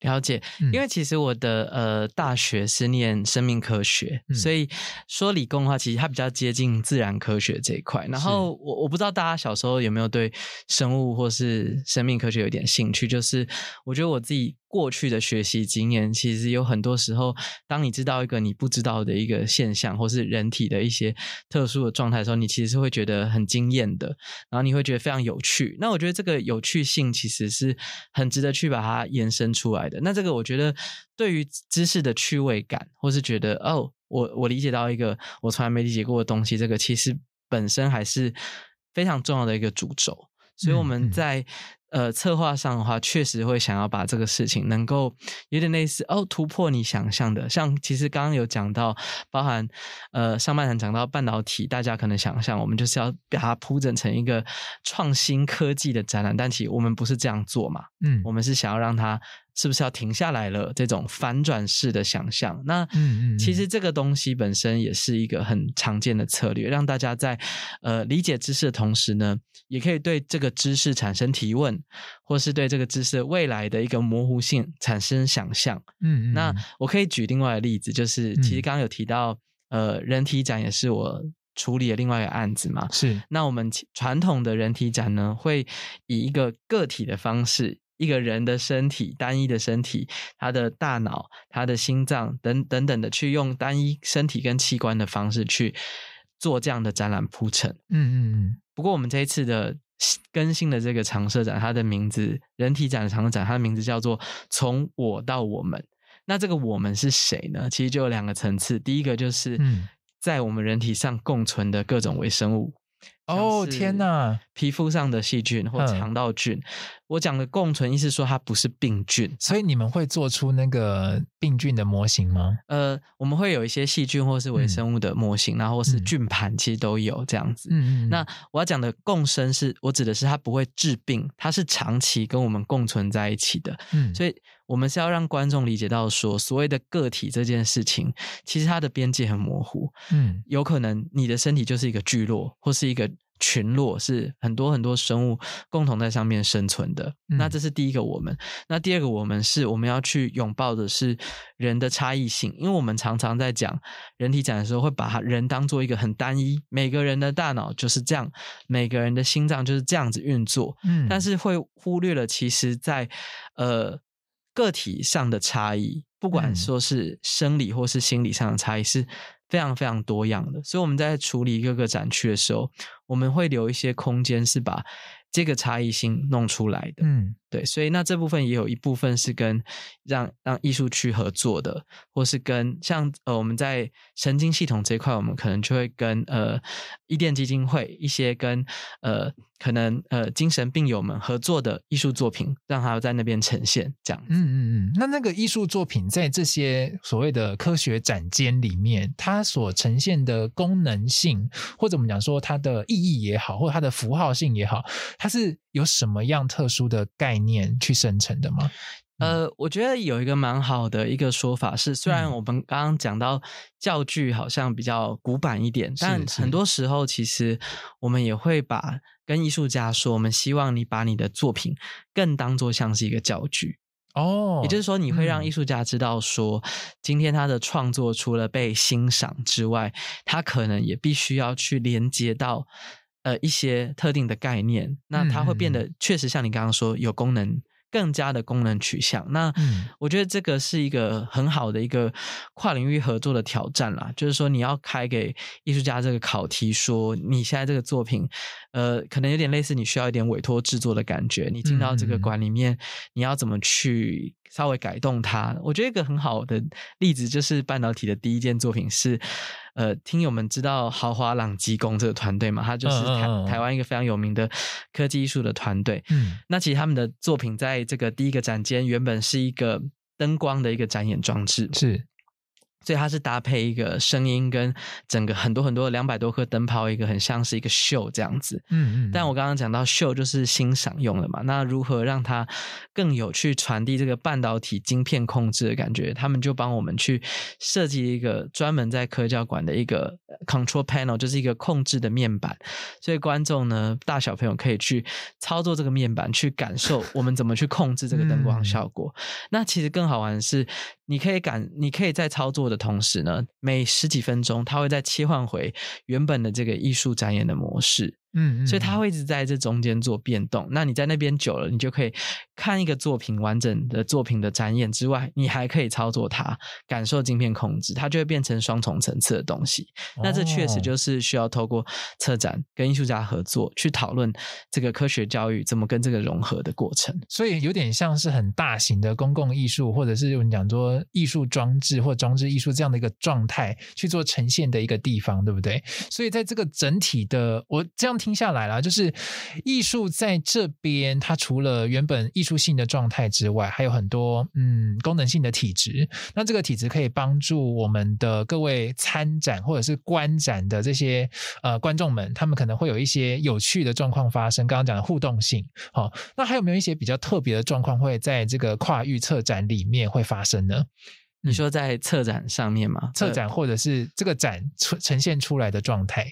了解，因為其實我的、嗯、呃大學是念生命科學、嗯，所以說理工的話，其實它比較接近自然科學這一塊。然後我我不知道大家小時候有沒有對生物或是生命科學有點興趣，就是我覺得我自己。過去的學習經驗，其實有很多時候，當你知道一個你不知道的一個現象，或是人體的一些特殊的狀態的時候，你其實是會覺得很驚艷的，然後你會覺得非常有趣。那我覺得這個有趣性其實是很值得去把它延伸出來的。那這個我覺得對於知識的趣味感，或是覺得哦，我我理解到一個我從來沒理解過的東西，這個其實本身還是非常重要的一個主軸。所以我們在。呃，策劃上的話，確實會想要把這個事情能夠有點類似哦，突破你想象的。像其實剛剛有講到，包含呃，上半場講到半導體，大家可能想象我們就是要把它鋪整成一個創新科技的展覽，但其實我們不是這樣做嘛。嗯，我們是想要讓它。是不是要停下來了？這種反轉式的想象，那其實這個東西本身也是一個很常見的策略，讓大家在呃理解知識的同時呢，也可以對這個知識產生提問，或是對這個知識未來的一個模糊性產生想象。嗯嗯，嗯。那我可以舉另外的例子，就是其實剛剛有提到，呃，人體展也是我處理的另外一個案子嘛。是。那我們傳統的人體展呢，會以一個個體的方式。一個人的身體，單一的身體，他的大腦、他的心臟等等等的，去用單一身體跟器官的方式去做這樣的展覽鋪陳。嗯嗯。不過我們這一次的更新的這個常設展，它的名字——人體展的常設展，它的名字叫做“從我到我們”。那這個“我們”是誰呢？其實就有兩個層次。第一個就是，在我們人體上共存的各種微生物。嗯哦天吶，皮膚上的細菌或腸道菌、哦，我講的共存意思說它不是病菌，所以你們會做出那個病菌的模型嗎？呃，我們會有一些細菌或是微生物的模型，嗯、然後是菌盤，其實都有這樣子。嗯嗯。那我要講的共生是，我指的是它不會致病，它是長期跟我們共存在一起的。嗯，所以。我們是要讓觀眾理解到說，說所謂的個體這件事情，其實它的邊界很模糊。嗯，有可能你的身體就是一個聚落，或是一個群落，是很多很多生物共同在上面生存的。嗯、那這是第一個我們。那第二個我們是，我們要去擁抱的是人的差異性，因為我們常常在講人體展的時候，會把人當做一個很單一。每個人的大腦就是這樣，每個人的心臟就是這樣子運作。嗯，但是會忽略了，其實在，在呃。個體上的差異，不管說是生理或是心理上的差異，嗯，是非常非常多樣的。所以我們在處理各個展區的時候，我們會留一些空間，是把這個差異性弄出來的。嗯，對。所以那這部分也有一部分是跟讓讓藝術區合作的，或是跟像呃我們在神經系統這一塊，我們可能就會跟呃伊甸基金會一些跟呃。可能呃，精神病友們合作的藝術作品，讓他在那邊呈現這樣。嗯嗯嗯。那那個藝術作品在這些所謂的科學展間裡面，它所呈現的功能性，或者我們講說它的意義也好，或者它的符號性也好，它是有什麼樣特殊的概念去生成的嗎？嗯、呃，我覺得有一個蠻好的一個說法是，雖然我們剛剛講到教具好像比較古板一點，嗯、但很多時候其實我們也會把。跟藝術家說，我們希望你把你的作品更當做像是一個教具哦，oh, 也就是說，你會讓藝術家知道說、嗯，今天他的創作除了被欣賞之外，他可能也必須要去連接到呃一些特定的概念、嗯，那他會變得確實像你剛剛說有功能。更加的功能取向，那我覺得這個是一個很好的一個跨領域合作的挑戰啦。就是說，你要開給藝術家這個考題，說你現在這個作品，呃，可能有點類似你需要一點委托制作的感覺。你進到這個館裡面，嗯，你要怎麼去？稍微改動它，我覺得一個很好的例子就是半導體的第一件作品是，呃，聽友們知道豪華朗機工這個團隊嘛？他就是台台灣一個非常有名的科技藝術的團隊。嗯，那其實他們的作品在這個第一個展間原本是一個燈光的一個展演裝置。是。所以它是搭配一個聲音跟整個很多很多兩百多顆燈泡，一個很像是一個秀這樣子。嗯嗯。但我剛剛講到秀就是欣賞用的嘛，那如何讓它更有去傳遞這個半導體晶片控制的感覺？他們就幫我們去設計一個專門在科教館的一個 control panel，就是一個控制的面板。所以觀眾呢，大小朋友可以去操作這個面板，去感受我們怎麼去控制這個燈光效果。 嗯、那其實更好玩的是。你可以感，你可以在操作的同時呢，每十幾分鐘它會再切換回原本的這個藝術展演的模式。嗯,嗯，所以他會一直在這中間做變動。那你在那邊久了，你就可以看一個作品完整的作品的展演之外，你還可以操作它，感受晶片控制，它就會變成雙重層次的東西。那這確實就是需要透過策展跟藝術家合作、哦、去討論這個科學教育怎麼跟這個融合的過程。所以有點像是很大型的公共藝術，或者是我們講說藝術裝置或裝置藝術這樣的一個狀態去做呈現的一個地方，對不對？所以在這個整體的我這樣提。聽下來啦，就是藝術在這邊，它除了原本藝術性的狀態之外，還有很多嗯，功能性的體質。那這個體質可以幫助我們的各位參展或者是觀展的這些呃、觀眾們，他們可能會有一些有趣的狀況發生。剛剛講的互動性，好、哦，那還有沒有一些比較特別的狀況會在這個跨域策展裡面會發生呢？嗯、你說在策展上面嗎？策展或者是這個展呈呈現出來的狀態。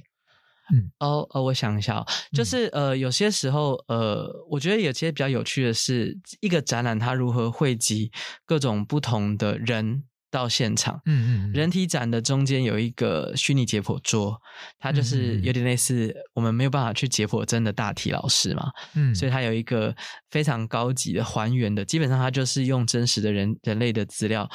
哦、嗯、哦、oh, oh，我想一下，就是、嗯、呃，有些時候呃，我覺得有些比較有趣的是，一個展覽它如何匯集各種不同的人到現場。嗯嗯，人體展的中間有一個虛擬解剖桌，它就是有點類似我們沒有辦法去解剖真的大體老師嘛。嗯，所以它有一個非常高級的還原的，基本上它就是用真實的人人類的資料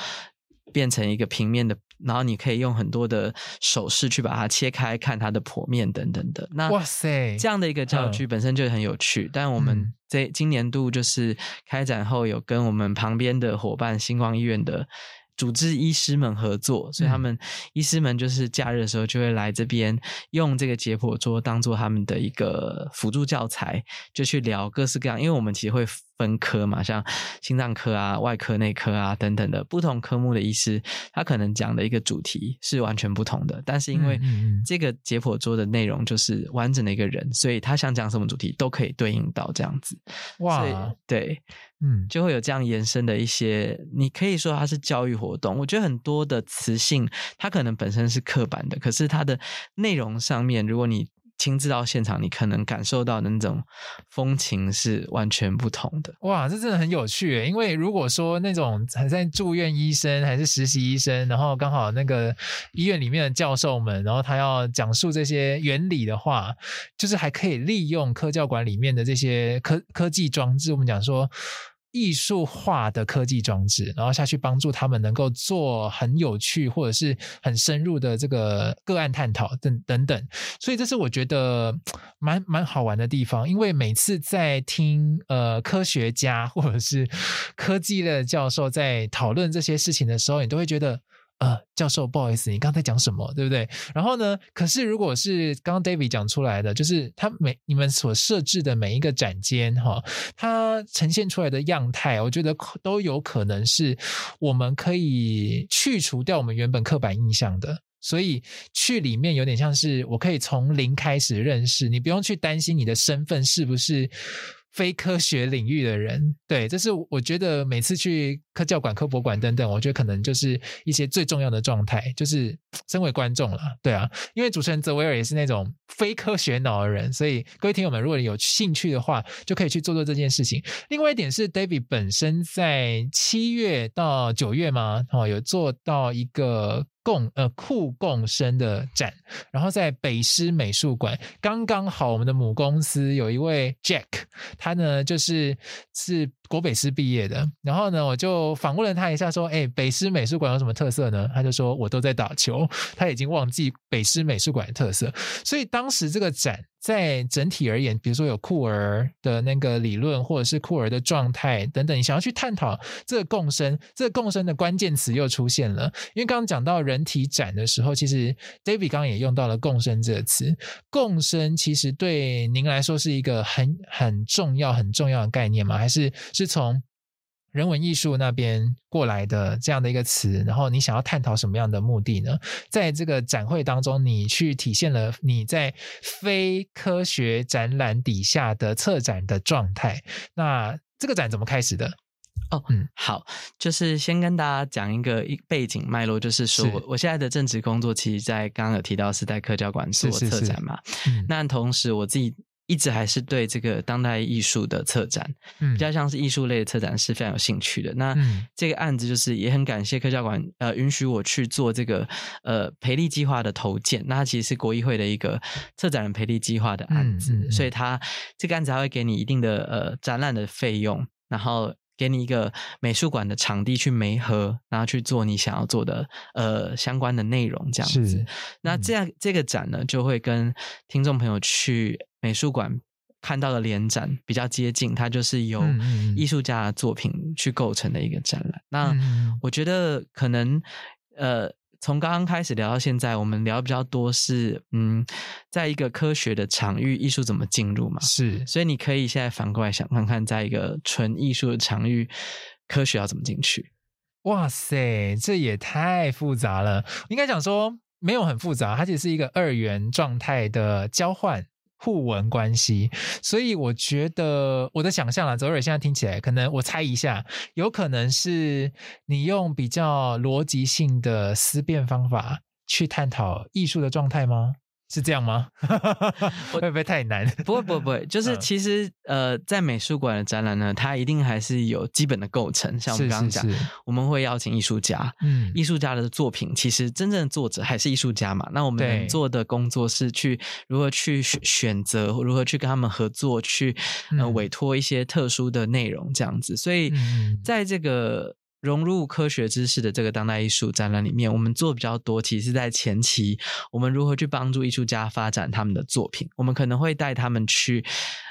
變成一個平面的。然後你可以用很多的手勢去把它切開，看它的剖面等等的。那哇塞，這樣的一個教具本身就很有趣。嗯、但我們這今年度就是開展後，有跟我們旁邊的伙伴新光醫院的主治醫師們合作、嗯，所以他們醫師們就是假日的時候就會來這邊，用這個解剖桌當做他們的一個輔助教材，就去聊各式各樣。因為我們其實會。分科嘛，像心臟科啊、外科、內科啊等等的不同科目的醫師，他可能講的一個主題是完全不同的。但是因為這個解剖桌的內容就是完整的一個人，所以他想講什麼主題都可以對應到這樣子。哇，對，嗯，就會有這樣延伸的一些、嗯。你可以說它是教育活動，我覺得很多的詞性它可能本身是刻板的，可是它的內容上面，如果你。親自到現場，你可能感受到的那種風情是完全不同的。哇，這真的很有趣耶，因為如果說那種還在住院醫生還是實習醫生，然後剛好那個醫院裡面的教授們，然後他要講述這些原理的話，就是還可以利用科教館裡面的這些科科技裝置，我們講說。藝術化的科技裝置，然後下去幫助他們能夠做很有趣或者是很深入的這個個案探討，等等等。所以這是我覺得蠻蠻好玩的地方，因為每次在聽呃科學家或者是科技的教授在討論這些事情的時候，你都會覺得。呃，教授，不好意思，你剛才講什麼，對不對？然後呢？可是如果是剛剛 David 講出來的，就是他每你們所設置的每一個展間哈，它、哦、呈現出來的樣態，我覺得都有可能是我們可以去除掉我們原本刻板印象的。所以去裡面有點像是我可以從零開始認識，你不用去擔心你的身份是不是。非科學領域的人，對，這是我覺得每次去科教館、科博館等等，我覺得可能就是一些最重要的狀態，就是身為觀眾了，對啊，因為主持人澤維爾也是那種非科學腦的人，所以各位聽友們如果有興趣的話，就可以去做做這件事情。另外一點是，Davey 本身在七月到九月嘛，哦，有做到一個。共呃酷共生的展，然後在北師美術館，剛剛好我們的母公司有一位 Jack，他呢就是是國北師畢業的，然後呢我就訪問了他一下說，說，哎北師美術館有什麼特色呢？他就說我都在打球，他已經忘記北師美術館的特色，所以當時這個展。在整體而言，比如說有酷兒的那個理論，或者是酷兒的狀態等等，你想要去探討這個共生，這個共生的關鍵詞又出現了。因為剛剛講到人體展的時候，其實 David 剛剛也用到了共生這個詞。共生其實對您來說是一個很很重要、很重要的概念嗎？還是是從？人文藝術那邊過來的這樣的一個詞，然後你想要探討什麼樣的目的呢？在這個展會當中，你去體現了你在非科學展覽底下的策展的狀態。那這個展怎麼開始的？哦，嗯，好，就是先跟大家講一個一背景脈絡，就是說我是，我現在的正職工作其實，在剛剛有提到是在科教館做策展嘛。是是是是嗯，那同時我自己。一直還是對這個當代藝術的策展、嗯，比較像是藝術類的策展是非常有興趣的、嗯。那這個案子就是也很感謝科教館呃允許我去做這個呃培力計劃的投件，那它其實是國藝會的一個策展人培力計劃的案子，嗯嗯、所以他這個案子還會給你一定的呃展覽的費用，然後給你一個美術館的場地去媒合，然後去做你想要做的呃相關的內容這樣子。嗯、那這樣這個展呢，就會跟聽眾朋友去。美術館看到的聯展比較接近，它就是由藝術家的作品去構成的一個展覽、嗯。那我覺得可能呃，從剛剛開始聊到現在，我們聊比較多是嗯，在一個科學的場域，藝術怎麼進入嘛？是，所以你可以現在反過來想看看，在一個純藝術的場域，科學要怎麼進去？哇塞，這也太複雜了！應該講說沒有很複雜，它只是一個二元狀態的交換。互文關係，所以我覺得我的想象啦，澤蕊現在聽起來，可能我猜一下，有可能是你用比較邏輯性的思辨方法去探討藝術的狀態嗎？是這樣嗎？ 會不會太難？不會不會不會。就是其實呃，在美術館的展覽呢，它一定還是有基本的構成。像我們剛剛講，我們會邀請藝術家，嗯，藝術家的作品其實真正的作者還是藝術家嘛。那我們做的工作是去如何去選擇，如何去跟他們合作，去呃委託一些特殊的內容這樣子。所以在這個融入科學知識的這個當代藝術展覽裡面，我們做比較多。其實，在前期，我們如何去幫助藝術家發展他們的作品？我們可能會帶他們去，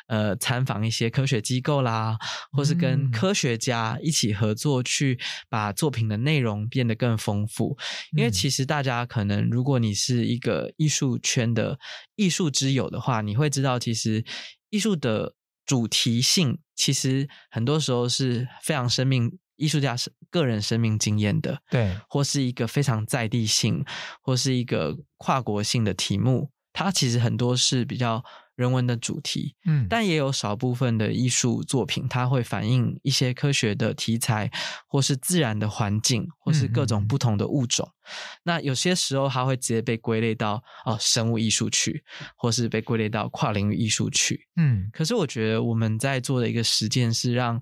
呃，參訪一些科學機構啦，或是跟科學家一起合作，去把作品的內容變得更豐富。嗯。因為其實大家可能，如果你是一個藝術圈的藝術之友的話，你會知道，其實藝術的主題性其實很多時候是非常生命。藝術家是個人生命經驗的，對，或是一個非常在地性，或是一個跨國性的題目。它其實很多是比較人文的主題，嗯，但也有少部分的藝術作品，它會反映一些科學的題材，或是自然的環境。或是各種不同的物種，嗯嗯、那有些時候它會直接被歸類到哦生物藝術區，或是被歸類到跨領域藝術區。嗯，可是我覺得我們在做的一個實踐是，讓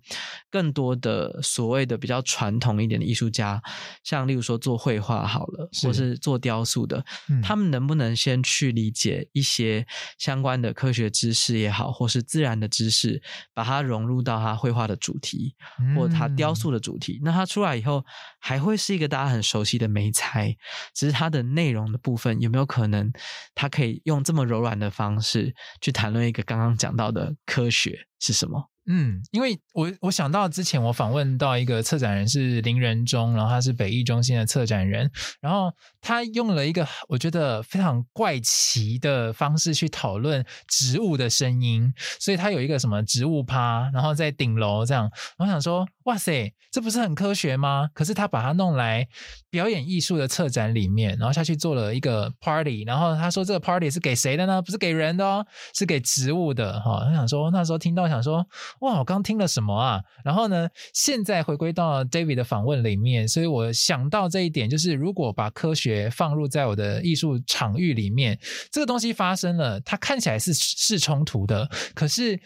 更多的所謂的比較傳統一點的藝術家，像例如說做繪畫好了，或是做雕塑的、嗯，他們能不能先去理解一些相關的科學知識也好，或是自然的知識，把它融入到他繪畫的主題或他雕塑的主題，嗯、那他出來以後還會。是一個，大家很熟悉的媒材，只是它，的內容的部分有沒有可能，它可以用這麼柔軟的方式去談論一個剛剛講到的科學是什麼？嗯，因為我我想到之前我訪問到一個策展人是林人中，然後他是北藝中心的策展人，然後他用了一個我覺得非常怪奇的方式去討論植物的聲音，所以他有一個什麼植物趴，然後在頂樓這樣，我想說。哇塞，這不是很科學嗎？可是他把它弄來表演藝術的策展裡面，然後下去做了一個 party，然後他說這個 party 是給誰的呢？不是給人的，哦，是給植物的哈，哦。他想說那時候聽到想說哇，我剛聽了什麼啊？然後呢，現在回歸到 Davey 的訪問裡面，所以我想到這一點，就是如果把科學放入在我的藝術場域裡面，這個東西發生了，它看起來是是衝突的，可是。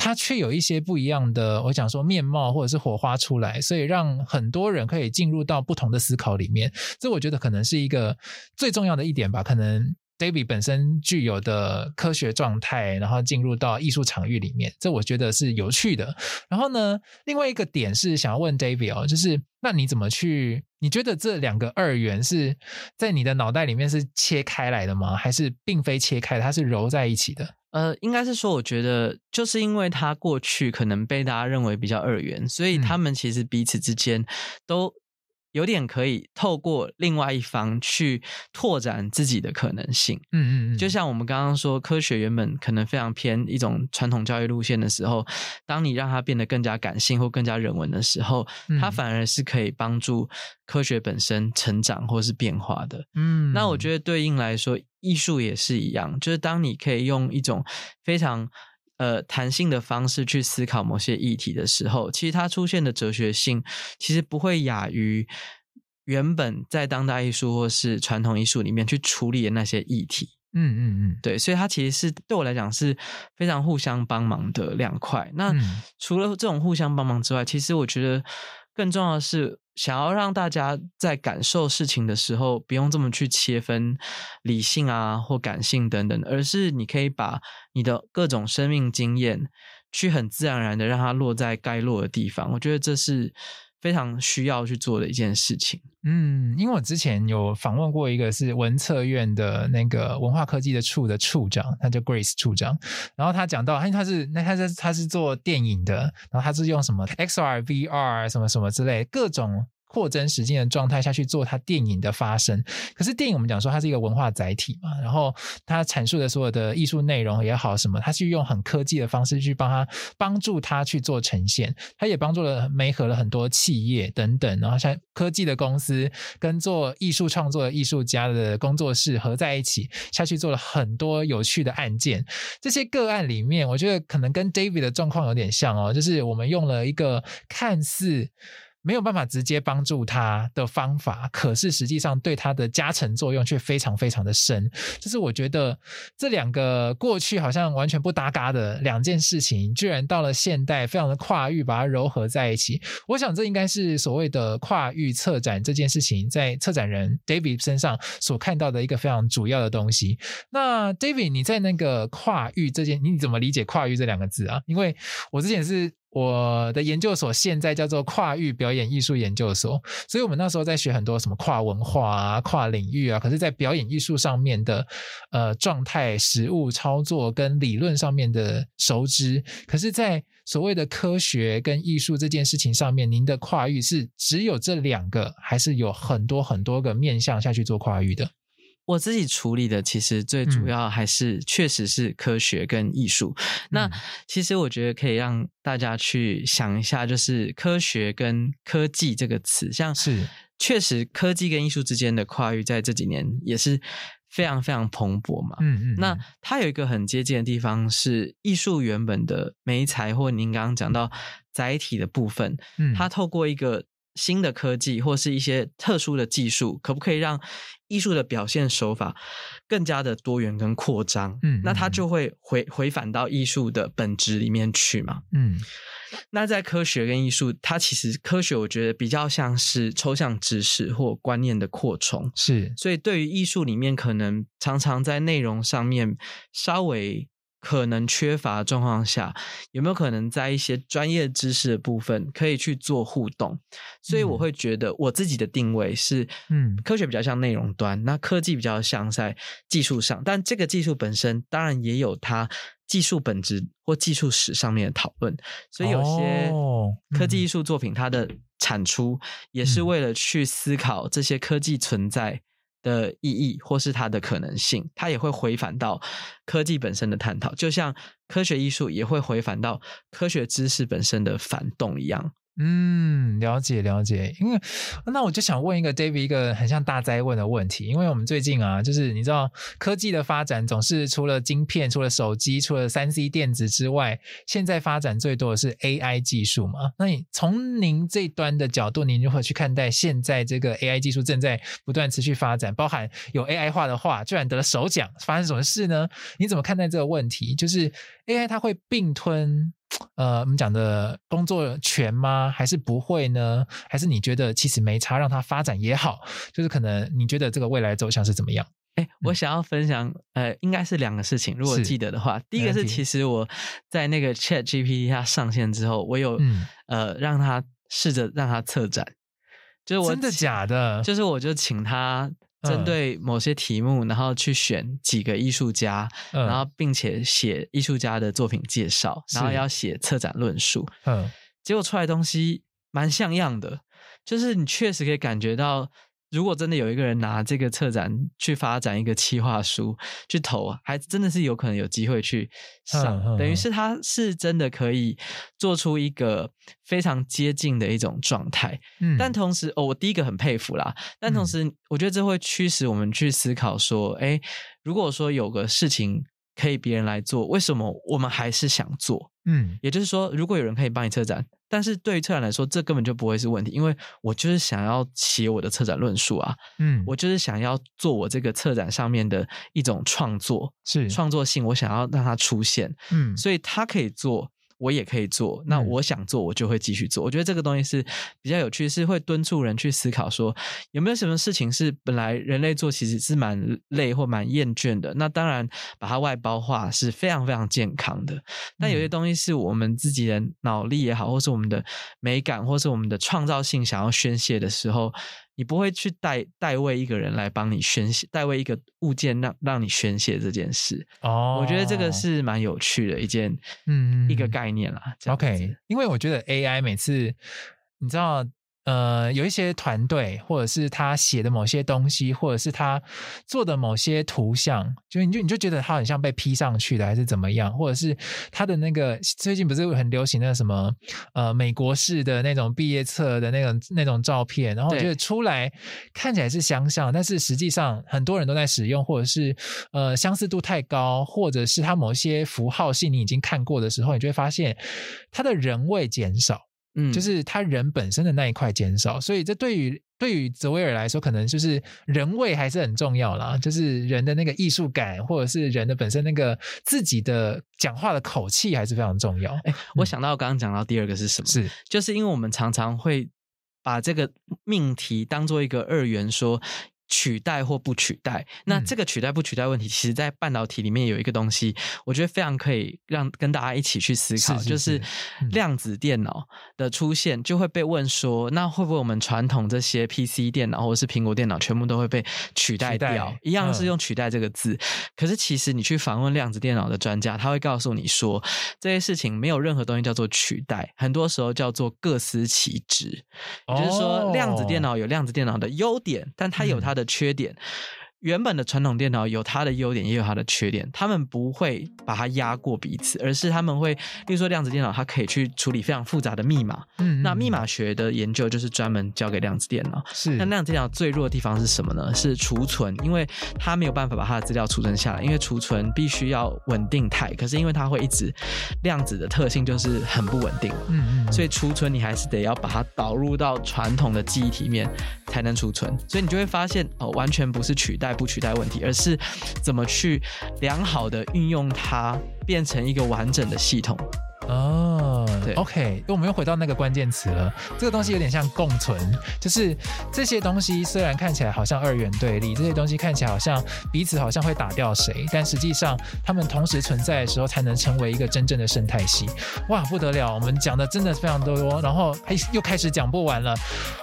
它卻有一些不一樣的，我想說面貌或者是火花出來，所以讓很多人可以進入到不同的思考裡面。這我覺得可能是一個最重要的一點吧，可能。Davey 本身具有的科學狀態，然後進入到藝術場域裡面，這我覺得是有趣的。然後呢，另外一個點是想要問 Davey 哦，就是那你怎麼去？你覺得這兩個二元是在你的腦袋裡面是切開來的嗎？還是並非切開，它是揉在一起的？呃，應該是說，我覺得就是因為他過去可能被大家認為比較二元，所以他們其實彼此之間都。有點可以透過另外一方去拓展自己的可能性。嗯嗯嗯，就像我們剛剛說，科學原本可能非常偏一種傳統教育路線的時候，當你讓它變得更加感性或更加人文的時候，它反而是可以幫助科學本身成長或是變化的。嗯，那我覺得對應來說，藝術也是一樣，就是當你可以用一種非常。呃，彈性的方式去思考某些議題的時候，其實它出現的哲學性，其實不會亞於原本在當代藝術或是傳統藝術裡面去處理的那些議題。嗯嗯嗯，對，所以它其實是對我來講是非常互相幫忙的兩塊。那除了這種互相幫忙之外，其實我覺得。更重要的是，想要讓大家在感受事情的時候，不用這麼去切分理性啊或感性等等，而是你可以把你的各種生命經驗，去很自然而然的讓它落在該落的地方。我覺得這是。非常需要去做的一件事情。嗯，因為我之前有訪問過一個是文策院的那個文化科技的處的處長，他叫 Grace 處長，然後他講到他，他是他是那他是他是做電影的，然後他是用什麼 XR VR 什麼什麼之類各種。擴增實境的狀態下去做他電影的發聲，可是電影我們講說它是一個文化載體嘛，然後他闡述的所有的藝術內容也好什麼，他是用很科技的方式去幫他幫助他去做呈現，他也幫助了媒合了很多企業等等，然後像科技的公司跟做藝術創作的藝術家的工作室合在一起下去做了很多有趣的案件，這些個案裡面我覺得可能跟 David 的狀況有點像哦，就是我們用了一個看似。沒有辦法直接幫助他的方法，可是實際上對他的加成作用卻非常非常的深。就是我覺得這兩個過去好像完全不搭嘎的兩件事情，居然到了現代，非常的跨域，把它揉合在一起。我想這應該是所謂的跨域策展這件事情，在策展人 Davey 身上所看到的一個非常主要的東西。那 Davey，你在那個跨域這件，你怎麼理解“跨域”這兩個字啊？因為我之前是。我的研究所現在叫做跨域表演藝術研究所，所以我們那時候在學很多什麼跨文化啊、跨領域啊。可是，在表演藝術上面的呃狀態、實務操作跟理論上面的熟知，可是在所謂的科學跟藝術這件事情上面，您的跨域是只有這兩個，還是有很多很多個面向下去做跨域的？我自己處理的其實最主要還是確實是科學跟藝術。嗯。那其實我覺得可以讓大家去想一下，就是科學跟科技這個詞，像是確實科技跟藝術之間的跨越，在這幾年也是非常非常蓬勃嘛。嗯嗯，嗯。那它有一個很接近的地方是藝術原本的媒材，或您剛剛講到載體的部分。嗯，它透過一個。新的科技或是一些特殊的技術，可不可以讓藝術的表現手法更加的多元跟擴張？嗯，嗯，嗯，那它就會回回返到藝術的本質裡面去嘛。嗯，那在科學跟藝術，它其實科學我覺得比較像是抽象知識或觀念的擴充，是，所以對於藝術裡面可能常常在內容上面稍微。可能缺乏的狀況下，有沒有可能在一些專業知識的部分可以去做互動？所以我會覺得我自己的定位是，嗯，科學比較像內容端，嗯，那科技比較像在技術上。但這個技術本身，當然也有它技術本質或技術史上面的討論。所以有些科技藝術作品，它的產出也是為了去思考這些科技存在。的意義，或是它的可能性，它也會回返到科技本身的探討，就像科學藝術也會回返到科學知識本身的反動一樣。嗯，了解了解，因、嗯、為，那我就想問一個 Davey 一個很像大哉問的問題，因為我們最近啊，就是你知道科技的發展總是除了晶片、除了手機、除了三 C 電子之外，現在發展最多的是 AI 技術嘛？那你從您這端的角度，您如何去看待現在這個 AI 技術正在不斷持續發展？包含有 AI 畫的畫，居然得了首獎，發生什麼事呢？你怎麼看待這個問題？就是 AI 它會併吞？呃，我們講的工作權嗎？還是不會呢？還是你覺得其實沒差，讓它發展也好？就是可能你覺得這個未來走向是怎麼樣？哎、欸，我想要分享、嗯、呃，應該是兩個事情。如果記得的話，第一個是其實我在那個 ChatGPT 它上線之後，我有、嗯、呃讓它試着讓它策展，就是我真的假的？就是我就請他。針對某些題目，嗯，然後去選幾個藝術家，嗯，然後並且寫藝術家的作品介紹，然後要寫策展論述，嗯，結果出來的東西蠻像樣的，就是你確實可以感覺到。如果真的有一個人拿這個策展去發展一個企劃書去投啊，還真的是有可能有機會去上呵呵呵，等於是他是真的可以做出一個非常接近的一種狀態。嗯，但同時，哦，我第一個很佩服啦。但同時，我覺得這會驅使我們去思考說，嗯，誒，如果說有個事情可以別人來做，為什麼我們還是想做？嗯，也就是說，如果有人可以幫你策展，但是對於策展來說，這根本就不會是問題，因為我就是想要寫我的策展論述啊，嗯，我就是想要做我這個策展上面的一種創作，是創作性我想要讓它出現，嗯，所以它可以做。我也可以做，那我想做，我就會繼續做。嗯。我覺得這個東西是比較有趣，是會敦促人去思考說，說有沒有什麼事情是本來人類做其實是蠻累或蠻厭倦的。那當然，把它外包化是非常非常健康的。但有些東西是我們自己的腦力也好，或是我們的美感，或是我們的創造性想要宣洩的時候。你不會去代代為一個人來幫你宣洩，代為一個物件讓讓你宣洩這件事。哦、oh.，我覺得這個是蠻有趣的，一件，嗯、mm.，一個概念啦。OK，因為我覺得 AI 每次，你知道。呃，有一些團隊，或者是他寫的某些東西，或者是他做的某些圖像，就你就你就覺得他很像被 P 上去的，還是怎麼樣？或者是他的那個最近不是很流行的什麼呃美國式的那種畢業冊的那種那種照片，然後我覺得出來看起來是相像，但是實際上很多人都在使用，或者是呃相似度太高，或者是他某些符號性你已經看過的時候，你就會發現它的人味減少。嗯，就是他人本身的那一塊減少，所以這對於對於澤維爾來說，可能就是人味還是很重要啦，就是人的那個藝術感，或者是人的本身那個自己的講話的口氣，還是非常重要。欸，我想到剛剛講到第二個是什麼？嗯，是，就是因為我們常常會把這個命題當做一個二元說。取代或不取代，那這個取代不取代問題，嗯、其實，在半導體裡面有一個東西，我覺得非常可以讓跟大家一起去思考，是是是就是量子電腦的出現就會被問說，嗯、那會不會我們傳統這些 PC 電腦或是蘋果電腦，全部都會被取代掉？取代一樣是用“取代”這個字、嗯，可是其實你去訪問量子電腦的專家，他會告訴你說，這些事情沒有任何東西叫做取代，很多時候叫做各司其職。也就是說，哦、量子電腦有量子電腦的優點，但它有它的、嗯。的缺點。原本的傳統電腦有它的優點，也有它的缺點。他們不會把它壓過彼此，而是他們會，例如說量子電腦，它可以去處理非常複雜的密碼。嗯，嗯，那密碼學的研究就是專門交給量子電腦。是。那量子電腦最弱的地方是什麼呢？是儲存，因為它沒有辦法把它的資料儲存下來，因為儲存必須要穩定態。可是因為它會一直，量子的特性就是很不穩定。嗯嗯。所以儲存你還是得要把它導入到傳統的記憶體面才能儲存。所以你就會發現，哦，完全不是取代。不取代問題，而是怎麼去良好的運用它，變成一個完整的系統。哦，對，OK，我們又回到那個關鍵詞了。這個東西有點像共存，就是這些東西雖然看起來好像二元對立，這些東西看起來好像彼此好像會打掉誰，但實際上他們同時存在的時候，才能成為一個真正的生態系。哇，不得了，我們講的真的是非常多多，然後哎，又開始講不完了。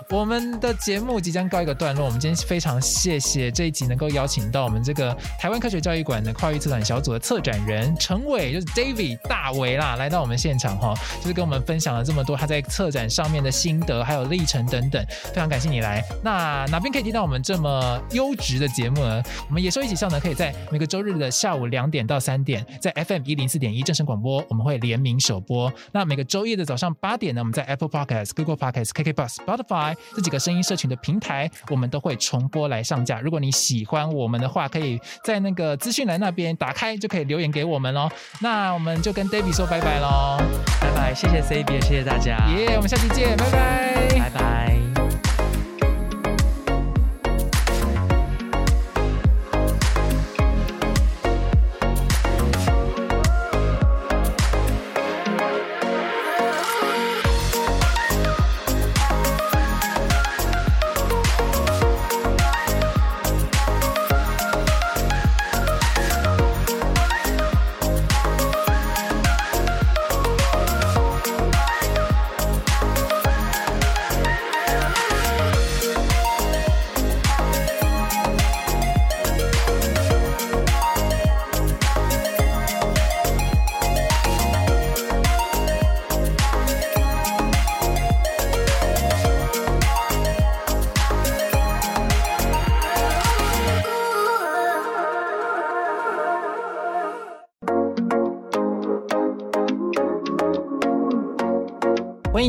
我們的節目即將告一個段落，我們今天非常謝謝這一集能夠邀請到我們這個台灣科學教育館的跨域策展小組的策展人承緯，就是 Davey 大緯啦，來到。我們現場哈，就是跟我們分享了這麼多他在策展上面的心得還有歷程等等，非常感謝你來。那哪邊可以聽到我們這麼優質的節目呢？我們野獸一起上呢，可以在每個周日的下午兩點到三點，在 FM 一零四點一正聲廣播，我們會聯名首播。那每個周一的早上八點呢，我們在 Apple Podcast、Google Podcast、KKBox、Spotify 這幾個聲音社群的平台，我們都會重播來上架。如果你喜歡我們的話，可以在那個資訊欄那邊打開就可以留言給我們咯。那我們就跟 Davey 說拜拜嘍。拜拜，謝謝 CB，謝謝大家，耶，yeah，我們下期見，拜拜，拜拜。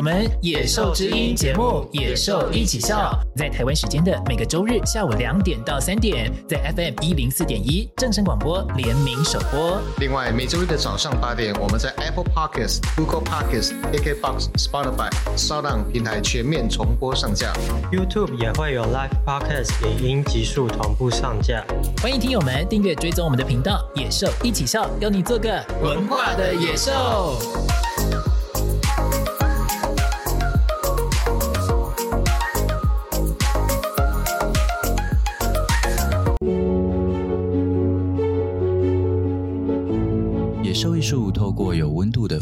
我們《野獸之音》節目《野獸一起笑》，在台灣時間的每個周日下午兩點到三點，在 FM 一零四點一正聲廣播聯名首播。另外，每周日的早上八點，我們在 Apple Podcasts、Google Podcasts、KKBOX、Spotify、SoundOn 平台全面重播上架。YouTube 也會有 Live Podcast 影音極速同步上架。歡迎聽友們訂閱追蹤我們的頻道《野獸一起笑》，邀你做個文化的野獸。